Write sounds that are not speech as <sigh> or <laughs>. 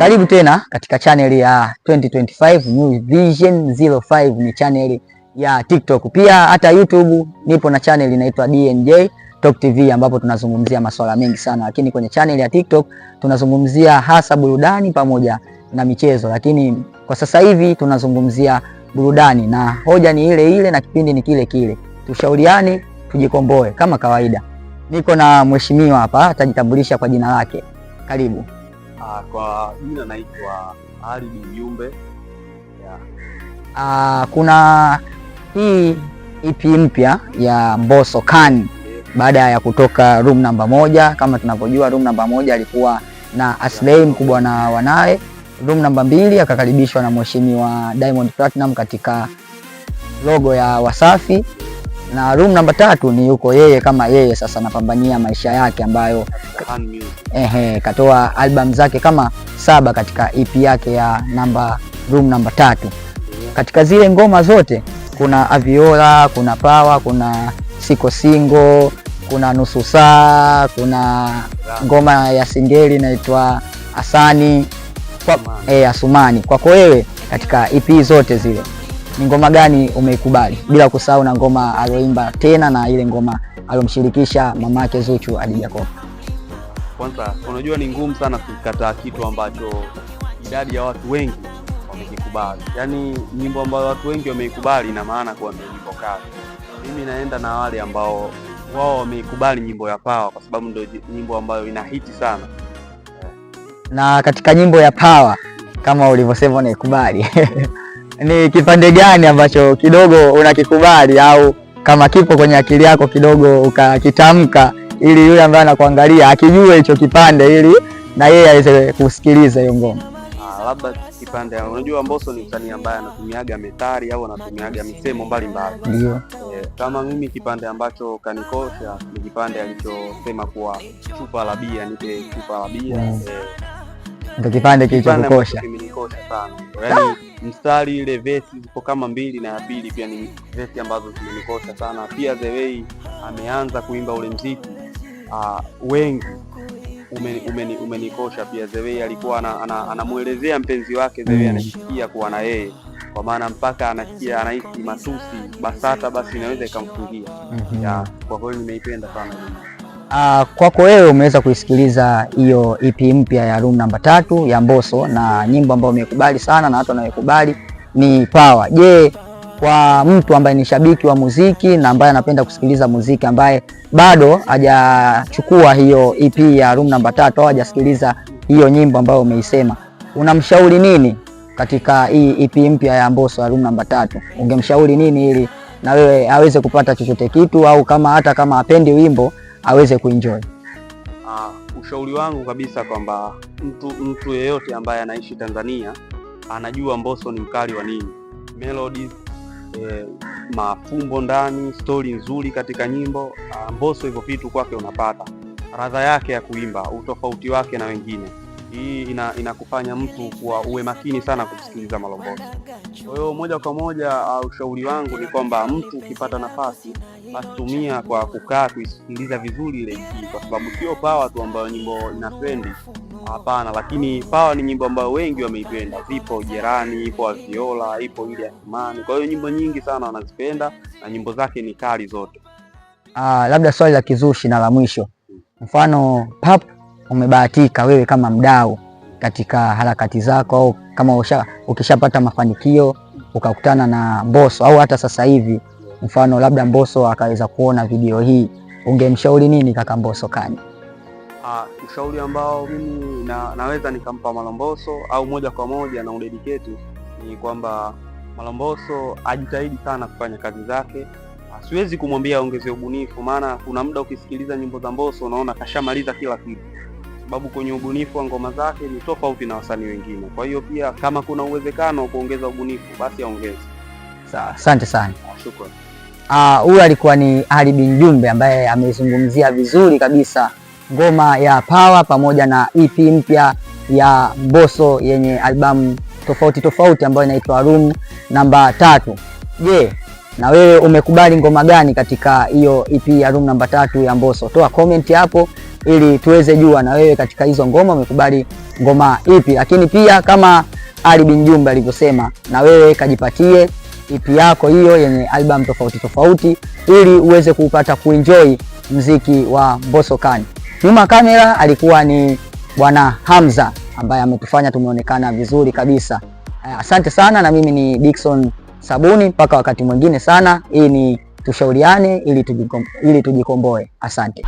Karibu tena katika channel ya 2025 New Vision 05, ni channel ya TikTok, pia hata YouTube nipo na channel inaitwa DNJ Talk TV ambapo tunazungumzia masuala mengi sana, lakini kwenye channel ya TikTok tunazungumzia hasa burudani pamoja na michezo, lakini kwa sasa hivi tunazungumzia burudani na hoja ni ile ile na kipindi ni kile kile, tushauriane tujikomboe kama kawaida. Niko na mheshimiwa hapa, atajitambulisha kwa jina lake. Karibu. Uh, kwa jina naitwa Ali Mjumbe yeah. Uh, kuna hii EP mpya ya Mbosso Khan Baada ya kutoka room namba moja, kama tunavyojua room namba moja alikuwa na Aslay mkubwa na wanae Room namba mbili akakaribishwa na mheshimiwa Diamond Platinum katika logo ya Wasafi na room namba tatu ni yuko yeye kama yeye sasa anapambania maisha yake ambayo ehe, katoa album zake kama saba katika EP yake ya namba room namba tatu. Katika zile ngoma zote kuna aviola, kuna pawa, kuna siko singo, kuna nusu saa, kuna ngoma ya singeli inaitwa Asani kwa, eh, Asumani kwako wewe katika EP zote zile ni ngoma gani umeikubali, bila kusahau na ngoma aliyoimba tena na ile ngoma mama mamake Zuchu Adi Jacob. Kwanza unajua ni ngumu sana kukataa kitu ambacho idadi ya watu wengi wamekikubali, yaani nyimbo ambayo watu wengi wameikubali, ina maana kuwa ndio nyimbo kali. Mimi naenda na wale ambao wao wameikubali nyimbo ya Pawa kwa sababu ndio nyimbo ambayo ina hiti sana, na katika nyimbo ya Pawa kama ulivyosema unaikubali <laughs> ni kipande gani ambacho kidogo unakikubali au kama kipo kwenye akili yako kidogo ukakitamka, ili yule ambaye anakuangalia akijue hicho kipande, ili na yeye aweze kusikiliza hiyo ngoma. Ah, labda kipande, unajua Mbosso ni msanii ambaye anatumiaga metari au anatumiaga misemo mbalimbali, ndio e, kama mimi kipande ambacho kanikosha ni kipande alichosema kuwa chupa la bia nipe chupa la bia, mm. eh, ndio kipande kilichokosha kimenikosha sana yani mstari ile vesi zipo kama mbili na ya pili pia ni vesi ambazo zimenikosa sana. Pia the way ameanza kuimba ule mziki uh, wengi umenikosha umeni, umeni pia the way alikuwa anamwelezea ana, ana mpenzi wake the way mm. anajisikia kuwa na yeye kwa maana mpaka anasikia anahisi matusi BASATA basi inaweza ikamfungia. mm -hmm. Kwa kweli nimeipenda sana. Uh, kwako wewe umeweza kuisikiliza hiyo EP mpya ya Room namba tatu ya Mbosso na nyimbo ambayo umekubali sana na watu wanaoikubali ni Power. Je, kwa mtu ambaye ni shabiki wa muziki na ambaye anapenda kusikiliza muziki ambaye bado hajachukua hiyo EP ya Room namba tatu au hajasikiliza hiyo nyimbo ambayo umeisema, unamshauri nini katika hii EP mpya ya Mbosso ya Room namba tatu? Ungemshauri nini ili na wewe aweze kupata chochote kitu, au kama hata kama apendi wimbo aweze kuenjoy. Uh, ushauri wangu kabisa kwamba mtu mtu yeyote ambaye anaishi Tanzania anajua Mbosso ni mkali wa nini, melodies eh, mafumbo ndani, stori nzuri katika nyimbo uh, Mbosso hivyo vitu kwake unapata radha yake ya kuimba, utofauti wake na wengine hii ina, inakufanya mtu kuwa uwe makini sana kusikiliza malongozi. Kwa hiyo moja kwa moja, ah, ushauri wangu ni kwamba mtu ukipata nafasi asitumia kwa kukaa kuisikiliza vizuri ile hii, kwa sababu sio pawa tu ambayo nyimbo inapendi, hapana, lakini pawa ni nyimbo ambayo wengi wameipenda. zipo Jerani, ipo Aviola, ipo ile ya Kwa hiyo nyimbo nyingi sana wanazipenda na nyimbo zake ni kali zote. Ah, labda swali la kizushi na la mwisho, mfano pap umebahatika wewe kama mdau katika harakati zako, au kama usha, ukishapata mafanikio ukakutana na Mbosso au hata sasa hivi mfano labda Mbosso akaweza kuona video hii, ungemshauri nini kaka Mbosso kani? Ah, ushauri ambao mimi na, naweza nikampa Malomboso au moja kwa moja na udediketi ni kwamba Malomboso ajitahidi sana kufanya kazi zake. Ah, siwezi kumwambia ongeze ubunifu, maana kuna muda ukisikiliza nyimbo za Mbosso unaona kashamaliza kila kitu sababu kwenye ubunifu wa ngoma zake ni tofauti na wasanii wengine. Kwa hiyo pia kama kuna uwezekano wa kuongeza ubunifu basi aongeze. Sawa, asante sana. Shukrani. Ah, huyu uh, alikuwa ni Ali bin Jumbe ambaye amezungumzia vizuri kabisa ngoma ya Power pamoja na EP mpya ya Mbosso yenye albamu tofauti tofauti ambayo inaitwa Room namba tatu. Je, na wewe umekubali ngoma gani katika hiyo EP ya Room namba tatu ya Mbosso? Toa comment hapo ili tuweze jua na wewe katika hizo ngoma umekubali ngoma ipi, lakini pia kama Ali bin Jumba alivyosema, na wewe kajipatie EP yako hiyo yenye album tofauti tofauti ili uweze kupata kuenjoy mziki wa Mbosso Khan. Nyuma kamera alikuwa ni bwana Hamza ambaye ametufanya tumeonekana vizuri kabisa. Eh, asante sana, na mimi ni Dickson Sabuni, mpaka wakati mwingine sana. Hii ni Tushauriane ili tujikomboe. Asante.